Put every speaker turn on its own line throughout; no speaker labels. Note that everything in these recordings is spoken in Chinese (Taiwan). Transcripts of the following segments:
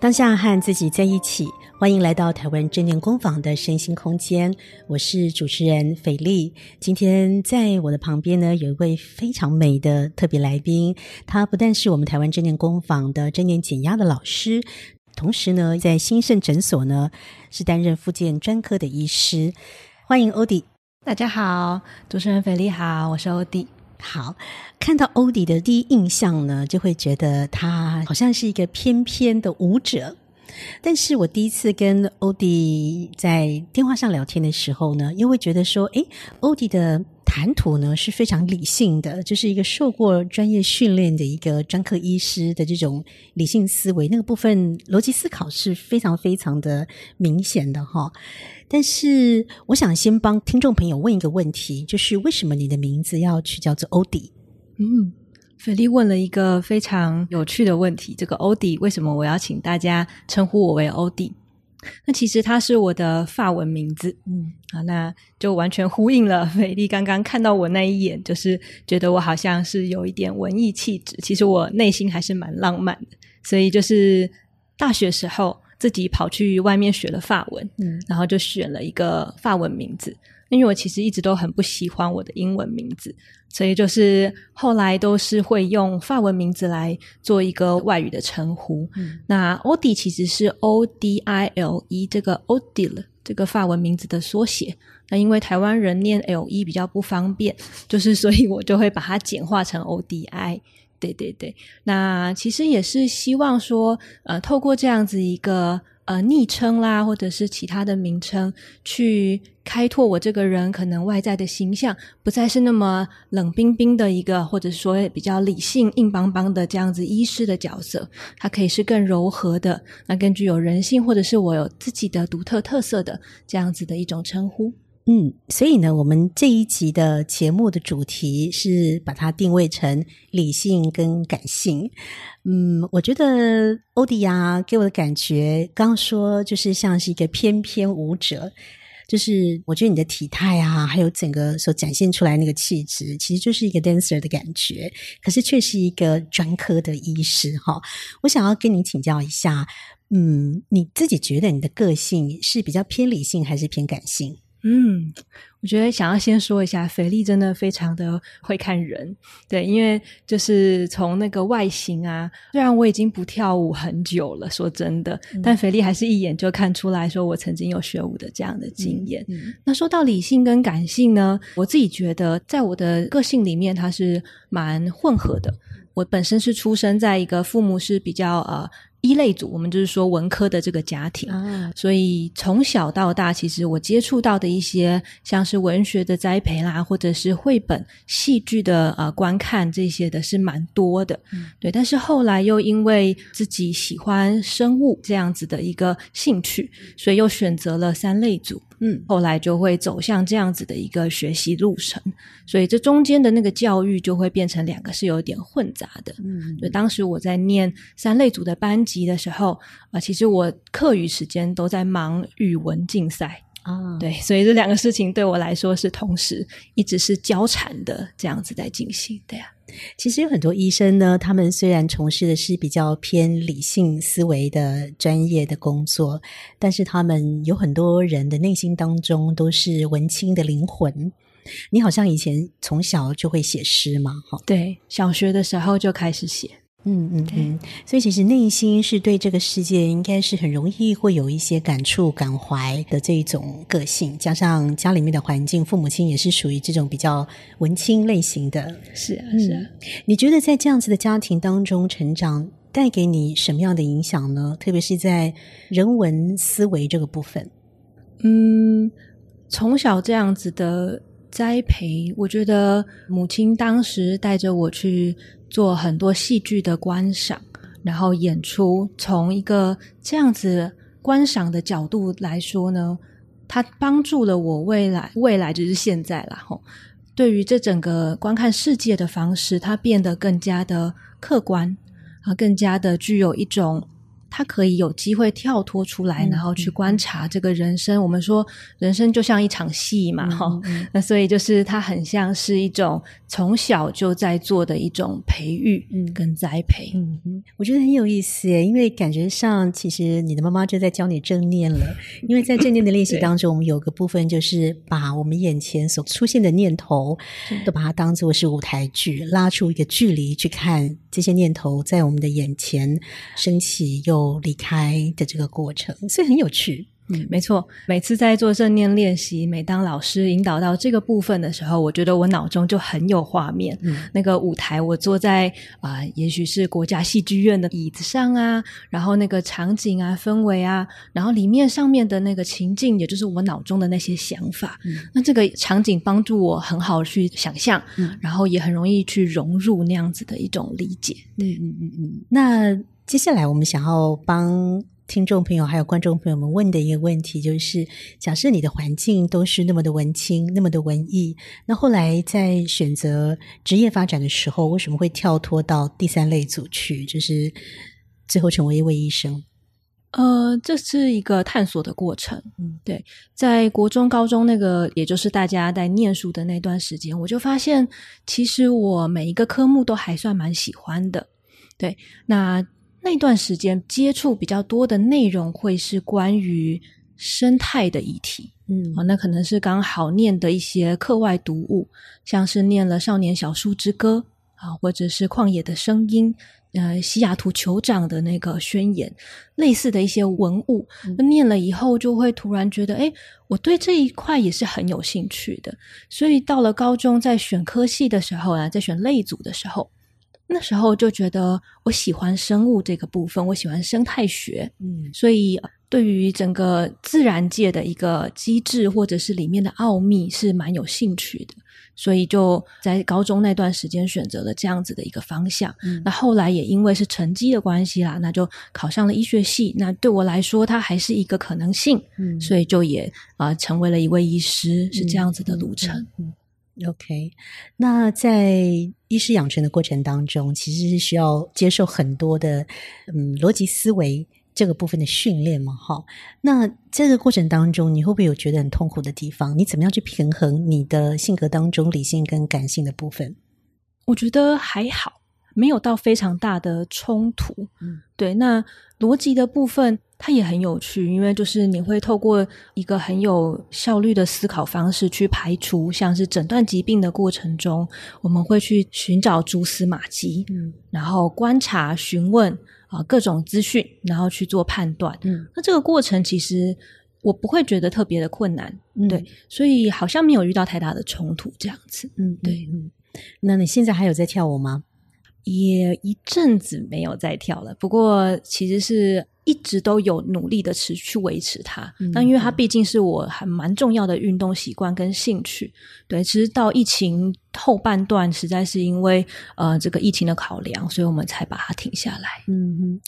當下和自己在一起，歡迎來到台灣正念工坊的身心空間。我是主持人斐莉，今天在我的旁邊呢有一位非常美的特別來賓，她不但是我們台灣正念工坊的正念減壓的老師，同時呢在興盛診所呢是擔任復健專科的醫師。歡迎 Odi，大家好，主持人斐莉好，我是 Odi。好，看到 Odi 的第一印象呢，就會覺得他好像是一個翩翩的舞者。但是我第一次跟 Odi 在電話上聊天的時候呢，又會覺得說，誒，Odi 的。談吐呢是非常理性的，就是一個受過專業訓練的一個專科醫師的這種理性思維，那個部分邏輯思考是非常非常的明顯的哈、哦。但是我想先幫聽眾朋友問一個問題，就是為什麼你的名字要去叫做歐迪？嗯，
斐莉問了一個非常有趣的問題，這個歐迪為什麼我要請大家稱呼我為歐迪？那其實它是我的法文名字，嗯，啊，那就完全呼應了斐莉剛剛看到我那一眼，就是覺得我好像是有一點文藝氣質。其實我內心還是蠻浪漫的，所以就是大學時候自己跑去外面學了法文，嗯，然後就選了一個法文名字。因為我其實一直都很不喜歡我的英文名字，所以就是後來都是會用法文名字來做一個外語的稱呼。嗯、那 Odi 其實是 O D I L E 這個 Odile 這個法文名字的縮寫。那因為台灣人念 L E 比較不方便，就是所以我就會把它簡化成 O D I。對對對，那其實也是希望說，呃，透過這樣子一個。呃，昵稱啦，或者是其他的名稱，去開拓我這個人可能外在的形象，不再是那麼冷冰冰的一個，或者說也比較理性、硬邦邦的這樣子醫師的角色，它可以是更柔和的，那更具有人性，或者是我有自己的獨特特色的這樣子的一種稱呼。
嗯，所以呢，我們這一集的節目的主題是把它定位成理性跟感性。嗯，我覺得歐迪啊給我的感覺，剛說就是像是一個翩翩舞者，就是我覺得你的體態啊，還有整個所展現出來那個氣質，其實就是一個 dancer 的感覺，可是卻是一個專科的醫師哈。我想要跟你請教一下，嗯，你自己覺得你的個性是比較偏理性還是偏感性？
嗯，我覺得想要先說一下，斐莉真的非常的會看人，對，因為就是從那個外形啊，雖然我已經不跳舞很久了，說真的，但斐莉還是一眼就看出來說我曾經有學舞的這樣的經驗。嗯、那說到理性跟感性呢，我自己覺得在我的個性裡面，它是蠻混合的。我本身是出生在一個父母是比較呃。一類組，我們就是說文科的這個家庭，啊，所以從小到大，其實我接觸到的一些，像是文學的栽培啦，或者是繪本、戲劇的呃觀看這些的，是蠻多的，嗯，對。但是後來又因為自己喜歡生物這樣子的一個興趣，所以又選擇了三類組。嗯，後來就會走向這樣子的一個學習路程，所以這中間的那個教育就會變成兩個是有點混雜的。嗯，嗯，就當時我在念三類組的班級的時候，啊、呃，其實我課餘時間都在忙語文競賽。啊，對，所以這兩個事情對我來說是同時，一直是交纏的這樣子在進行。對呀，啊，
其實有很多醫生呢，他們雖然從事的是比較偏理性思維的專業的工作，但是他們有很多人的內心當中都是文青的靈魂。你好像以前從小就會寫詩嗎？對，小學的時候就開始寫。嗯嗯嗯，所以其實內心是對這個世界應該是很容易會有一些感觸感懷的這種個性，加上家裡面的環境，父母親也是屬於這種比較文青類型的。是啊是啊，嗯。你覺得在這樣子的家庭當中成長，帶給你什麼樣的影響呢？特別是在人文思維這個部分。嗯，從小
這樣子的栽培，我覺得母親當時帶着我去。做很多戲劇的觀賞，然後演出。從一個這樣子觀賞的角度來說呢，它幫助了我未來，未來就是現在啦，對於這整個觀看世界的方式，它變得更加的客觀，啊，更加的具有一種。他可以有機會跳脫出來，然後去觀察這個人生。嗯嗯、我們說人生就像一場戲嘛，哈、嗯。嗯、那所以就是他很像是一種從小就在做的一種培育跟栽培。嗯、嗯，
我覺得很有意思耶，因為感覺上其實你的媽媽就在教你正念了。 因為在正念的練習當中，對我們有個部分就是把我們眼前所出現的念頭對都把它當做是舞台劇，拉出一個距離去看這些念頭在我們的眼前升起又。離開的這個過程，所以很有趣。嗯、沒錯。
每次在做正念練,練習，每當老師引導到這個部分的時候，我覺得我腦中就很有畫面。嗯、那個舞台，我坐在啊、呃，也許是國家戲劇院的椅子上啊，然後那個場景啊，氛圍啊，然後裡面上面的那個情境，也就是我腦中的那些想法。嗯、那這個場景幫助我很好去想象，嗯、然後也很容易去融入那
樣子的一種理解。嗯、對，嗯嗯嗯，那。接下來，我們想要幫聽眾朋友還有觀眾朋友們問的一個問題，就是：假設你的環境都是那麼的文青，那麼的文藝，那後來在選擇職業發展的時候，為什麼會跳脫到第三類組去，就是最後成為一位醫生？
呃，這是一個探索的過程。嗯，對，在國中、高中那個，也就是大家在念書的那段時間，我就發現，其實我每一個科目都還算蠻喜歡的。對，那。那一段時間接觸比較多的內容會是關於生態的議題，嗯，啊，那可能是剛好念的一些課外讀物，像是念了《少年小樹之歌》啊，或者是《曠野的聲音》，呃，《西雅圖酋長的那個宣言》類似的一些文物，嗯，念了以後就會突然覺得，哎，我對這一塊也是很有興趣的，所以到了高中在選科系的時候啊，在選類組的時候，那時候就覺得我喜歡生物這個部分，我喜歡生態學，嗯，所以對於整個自然界的一個機制或者是裡面的奧秘是蠻有興趣的，所以就在高中那段時間選擇了這樣子的一個方向。嗯，那後來也因為是成績的關係啦，那就考上了醫學系。那對我來說，它還是一個可能性，嗯，所以就也呃成為了一位醫師，是這樣子的路程，嗯。
嗯嗯。OK，那在醫師養成的過程當中，其實是需要接受很多的，嗯，邏輯思維這個部分的訓練嘛，哈。那這個過程當中，你會不會有覺得很痛苦的地方？你怎麼樣去平衡你的性格當中理性跟感性的部分？
我覺得還好。沒有到非常大的衝突，嗯，對。那邏輯的部分它也很有趣，因為就是你會透過一個很有效率的思考方式去排除，像是診斷疾病的過程中，我們會去尋找蛛絲馬跡，嗯，然後觀察、詢問啊、呃、各種資訊，然後去做判斷，嗯。那這個過程其實我不會覺得特別的困難，嗯、對，所以好像沒有遇到太大的衝突這樣子，嗯，對，嗯。那你現在還有在跳舞嗎？也一陣子沒有再跳了，不過其實是。一直都有努力的持續維持它，那、嗯、哼因為它畢竟是我還蠻重要的運動習慣跟興趣。對，其實到疫情後半段，實在是因為呃這個疫情的考量，所以我們才把它停下來。嗯
哼，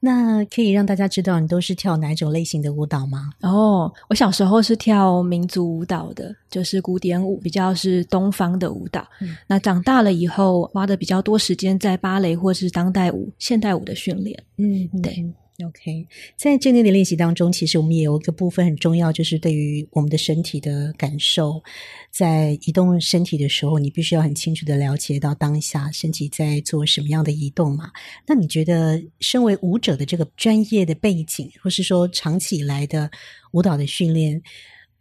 那可以讓大家知道你都是跳哪種類型的舞蹈嗎？哦，我小時候是跳民族舞蹈的，
就是古典舞，比較是東方的舞蹈。嗯，那長大了以後花的比較多時間在芭蕾或是當代舞、現代舞的訓練。嗯
哼，對。OK，在正念的練習當中，其實我們也有一個部分很重要，就是對於我們的身體的感受。在移動身體的時候，你必須要很清楚地了解到當下身體在做什麼樣的移動嘛。那你覺得，身為舞者的這個專業的背景，或是說長期以來的舞蹈的訓練，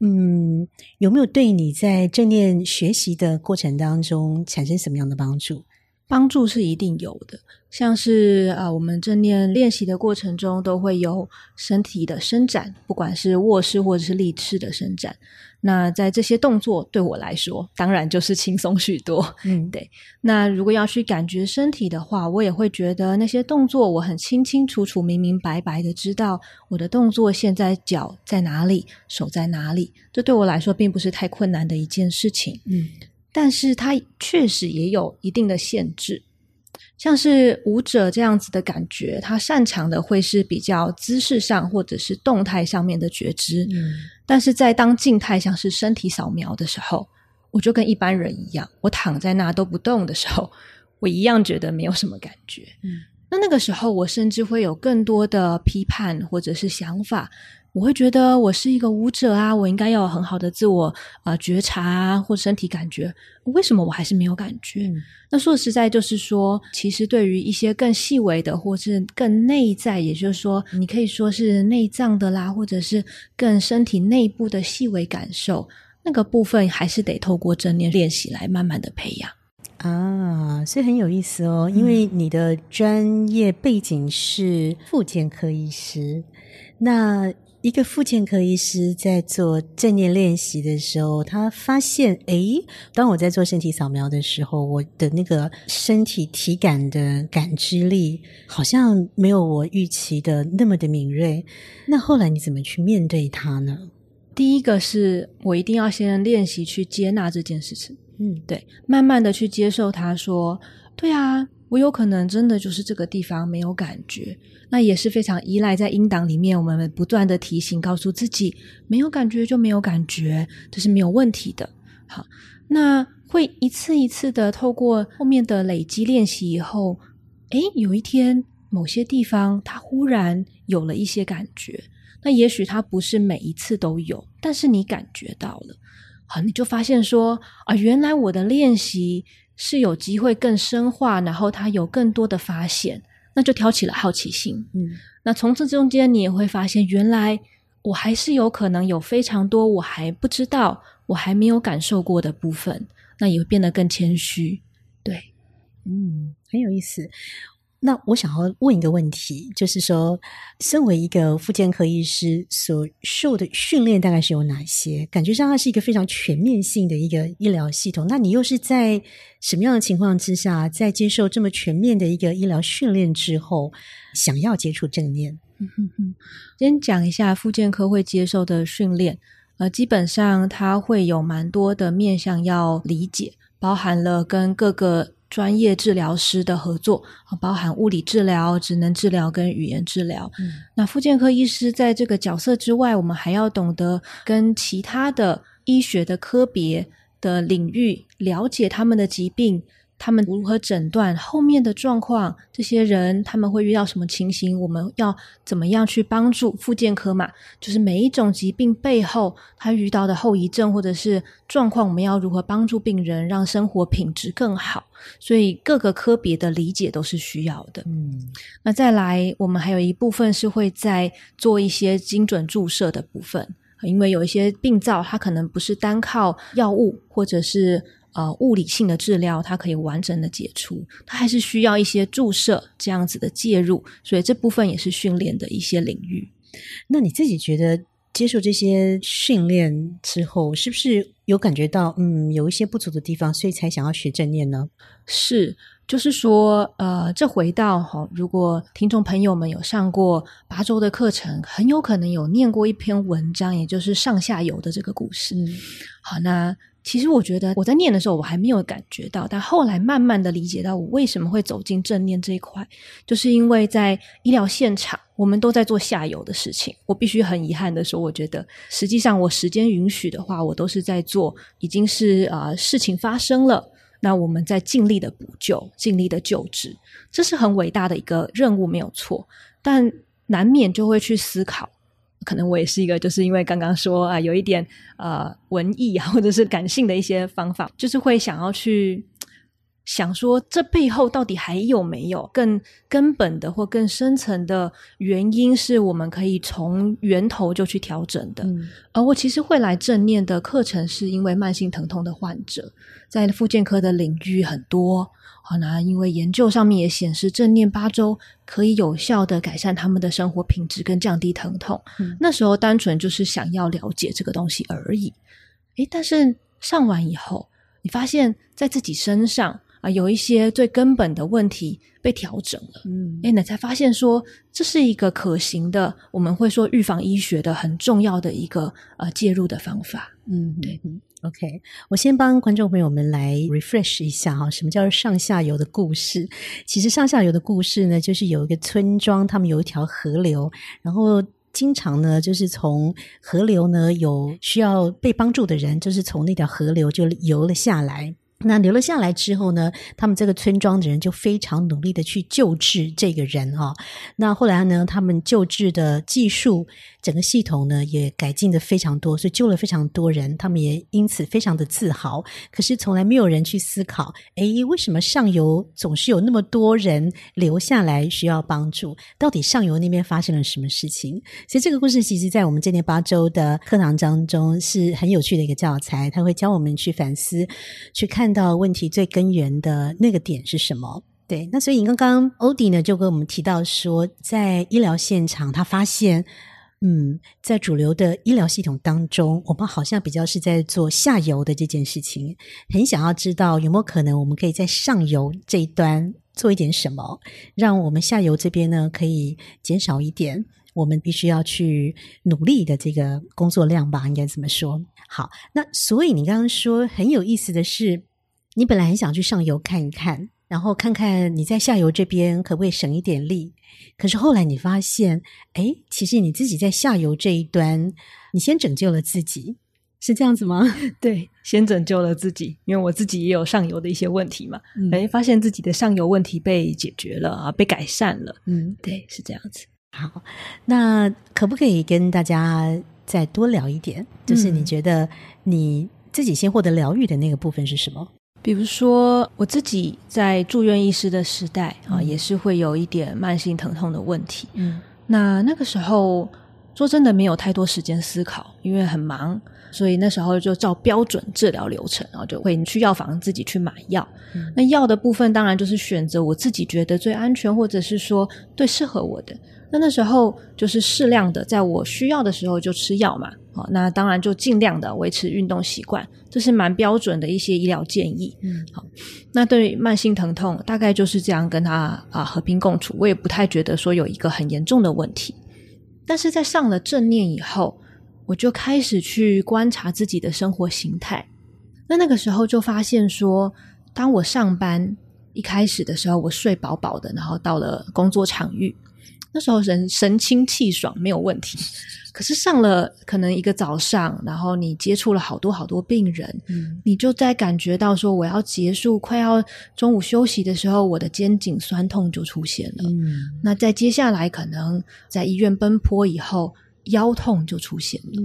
嗯，有沒有對你在正念學習的過程當中產生什麼樣的幫助？幫
助是一定有的。像是啊、呃，我們正念練習的過程中都會有身體的伸展，不管是臥式或者是立式的伸展。那在這些動作對我來說，當然就是輕鬆許多。嗯，對。那如果要去感覺身體的話，我也會覺得那些動作我很清清楚楚、明明白白的知道我的動作現在腳在哪裡，手在哪裡。這對我來說並不是太困難的一件事情。嗯，但是它確實也有一定的限制。像是舞者這樣子的感覺，他擅長的會是比較姿勢上或者是動態上面的覺知，嗯、但是在當靜態像是身體掃描的時候，我就跟一般人一樣，我躺在那都不動的時候，我一樣覺得沒有什麼感覺。嗯那那個時候，我甚至會有更多的批判或者是想法。我會覺得我是一個舞者啊，我應該要有很好的自我啊、呃、覺察啊，或身體感覺。為什麼我還是沒有感覺？嗯、那說實在，就是說，其實對於一些更細微的，或是更內在，也就是說，你可以說是內臟的啦，或者是更身體內部的細微感受，那個部分還是得透過正念練習來慢慢的培養。
啊，所以很有意思哦，嗯、因為你的專業背景是復健科醫師，那一個復健科醫師在做正念練習的時候，他發現，誒，當我在做身體掃描的時候，我的那個身體體感的感知力好像沒有我預期的那麼的敏銳。那後來你怎麼去面對它呢？
第一個是我一定要先練習去接納這件事情。嗯，對，慢慢的去接受他說，對啊，我有可能真的就是這個地方沒有感覺，那也是非常依賴在音檔裡面，我們不斷的提醒，告訴自己，沒有感覺就沒有感覺，這是沒有問題的。好，那會一次一次的透過後面的累積練習以後，哎，有一天某些地方他忽然有了一些感覺，那也許他不是每一次都有，但是你感覺到了。你就發現說啊，原來我的練習是有機會更深化，然後它有更多的發現，那就挑起了好奇心。嗯，那從這中間你也會發現，原來我還是有可能有非常多我還不知道、我還沒有感受過的部分，那也會變得更謙虛。對，嗯，
很有意思。那我想要問一個問題，就是說，身為一個復健科醫師所受的訓練大概是有哪些？感覺上它是一個非常全面性的一個醫療系統。那你又是在什麼樣的情況之下，在接受這麼全面的一個醫療訓練之後，想要接觸正念、
嗯？先講一下復健科會接受的訓練，呃，基本上它會有蠻多的面向要理解，包含了跟各個。專業治療師的合作，包含物理治療、職能治療跟語言治療。嗯。那復健科醫師在這個角色之外，我們還要懂得跟其他的醫學的科別的領域了解他們的疾病。他們如何診斷後面的狀況？這些人他們會遇到什麼情形？我們要怎麼樣去幫助復健科嘛？就是每一種疾病背後他遇到的後遺症或者是狀況，我們要如何幫助病人讓生活品質更好。所以各個科別的理解都是需要的。嗯，那再來，我們還有一部分是會在做一些精準注射的部分，因為有一些病灶，它可能不是單靠藥物或者是。呃，物理性的治療，它可以完整的解除，它還是需要一些注射這樣子的介入，所以這部分也是訓練的一些領域。
那你自己覺得接受這些訓練之後，是不是有感覺到，嗯，有一些不足的地方，所以才想要學正念呢？是，就是說，
呃，這回到、哦、如果聽眾朋友們有上過八周的課程，很有可能有念過一篇文章，也就是上下游的這個故事。嗯、好呢，那。其實我覺得我在念的時候，我還沒有感覺到，但後來慢慢的理解到，我為什麼會走進正念這一塊，就是因為在醫療現場，我們都在做下游的事情。我必須很遺憾的說，我覺得實際上我時間允許的話，我都是在做，已經是，呃，事情發生了，那我們在盡力的補救、盡力的救治，這是很偉大的一個任務，沒有錯，但難免就會去思考。可能我也是一個，就是因為剛剛說啊，有一點呃文藝啊，或者是感性的一些方法，就是會想要去。想說，這背後到底還有沒有更根本的或更深層的原因？是我們可以從源頭就去調整的。嗯、而我其實會來正念的課程，是因為慢性疼痛的患者在復健科的領域很多，好、啊、那因為研究上面也顯示，正念八周可以有效地改善他們的生活品質跟降低疼痛。嗯、那時候單純就是想要了解這個東西而已。哎，但是上完以後，你發現在自己身上。啊、呃，有一些最根本的問題被調整了，嗯，哎，那才發現說這是一個可行的，我們會
說預防醫學的很重要的一個呃介入的方法，嗯，
對，
嗯，OK，我先幫觀眾朋友們來 refresh 一下哈，哦，什麼叫上下游的故事？其實上下游的故事呢，就是有一個村莊，他們有一條河流，然後經常呢，就是從河流呢有需要被幫助的人，就是從那條河流就游了下來。那留了下來之後呢，他們這個村莊的人就非常努力的去救治這個人啊、哦。那後來呢，他們救治的技術、整個系統呢也改進的非常多，所以救了非常多人，他們也因此非常的自豪。可是從來沒有人去思考，哎，為什麼上游總是有那麼多人留下來需要幫助？到底上游那邊發生了什麼事情？所以這個故事其實在我們這年八周的課堂當中是很有趣的一個教材，它會教我們去反思、去看。看到問題最根源的那個點是什麼？對，那所以你剛剛歐迪呢就跟我們提到說，在醫療現場，他發現，嗯，在主流的醫療系統當中，我們好像比較是在做下游的這件事情。很想要知道有沒有可能，我們可以在上游這一端做一點什麼，讓我們下游這邊呢可以減少一點我們必須要去努力的這個工作量吧？應該怎麼說？好，那所以你剛剛說很有意思的是。你本來很想去上游看一看，然後看看你在下游這邊可不可以省一點力。可是後來你發現，哎，其實你自己在下游這一端，你先拯救了自己，是這樣子嗎？對，
先拯救了自己，因為我自己也有上游的一些問題嘛。哎、嗯，發現自己的上游問題
被解決了啊，被改善了。嗯，
對，是這樣子。好，
那可不可以跟大家再多聊一點？嗯、就是你覺得你自己先獲得療癒的那個部分是什麼？
比如說，我自己在住院醫師的時代啊，也是會有一點慢性疼痛的問題。嗯，那那個時候說真的沒有太多時間思考，因為很忙，所以那時候就照標準治療流程，然後，啊，就會你去藥房自己去買藥。嗯，那藥的部分當然就是選擇我自己覺得最安全或者是說最適合我的。那那時候就是適量的，在我需要的時候就吃藥嘛。好、哦，那當然就盡量的維持運動習慣，這是蠻標準的一些醫療建議。嗯，好、哦，那對慢性疼痛，大概就是這樣跟他啊和平共處。我也不太覺得說有一個很嚴重的問題，但是在上了正念以後，我就開始去觀察自己的生活形態。那那個時候就發現說，當我上班一開始的時候，我睡飽飽的，然後到了工作場域。那時候人神清氣爽，沒有問題，可是上了可能一個早上，然後你接觸了好多好多病人，嗯、你就在感覺到說我要結束快要中午休息的時候，我的肩頸酸痛就出現了。嗯、那在接下來可能在醫院奔波以後，腰痛就出現了。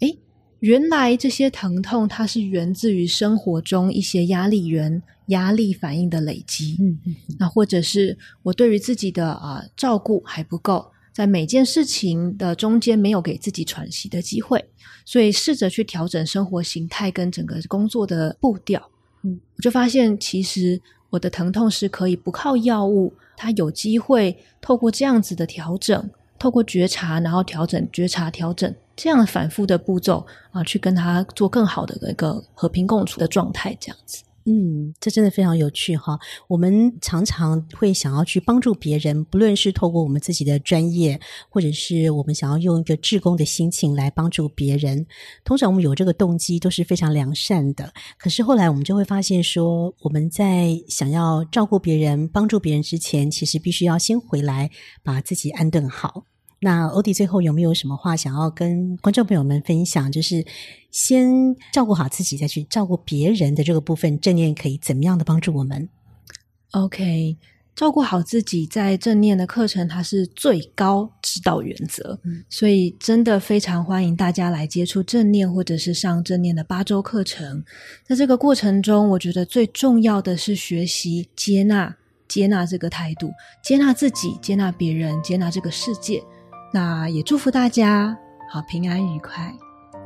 哎、嗯，原來這些疼痛它是源自於生活中一些壓力源。壓力反應的累積，嗯，嗯，那或者是我對於自己的啊、呃、照顧還不夠，在每件事情的中間沒有給自己喘息的機會，所以試着去調整生活形態跟整個工作的步調，嗯，我就發現其實我的疼痛是可以不靠藥物，它有機會透過這樣子的調整，透過覺察，然後調整覺察調整這樣反覆的步驟啊、呃，去跟他做更好的一個和
平共處的狀態，這樣子。嗯，這真的非常有趣哈。我們常常會想要去幫助別人，不論是透過我們自己的專業，或者是我們想要用一個志工的心情來幫助別人。通常我們有這個動機都是非常良善的，可是後來我們就會發現說，我們在想要照顧別人、幫助別人之前，其實必須要先回來把自己安頓好。那 Odi 最後有沒有什麼話想要跟觀眾朋友們分享？就是先照顧好自己，再去照顧別人的這個部分，正念可以怎麼樣的幫助我們？OK，照顧好自己在正念的課程它是最高指導原則，嗯，
所以真的非常歡迎大家來接觸正念，或者是上正念的八週課程。在這個過程中，我覺得最重要的是學習接納，接納這個態度，接納自己，接納別人，接納這個世界。那也祝福大家好平安愉快。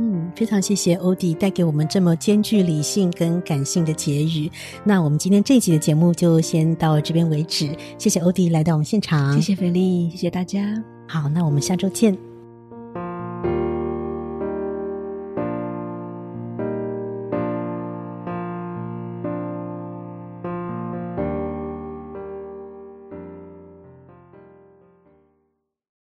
嗯，非常謝謝歐迪帶給我們這麼兼具理性跟感性的結語。那我們今天這一集的節目就先到這邊為止，謝謝歐迪來到我們現場，謝謝斐莉，謝謝大家，好，那我們下周見。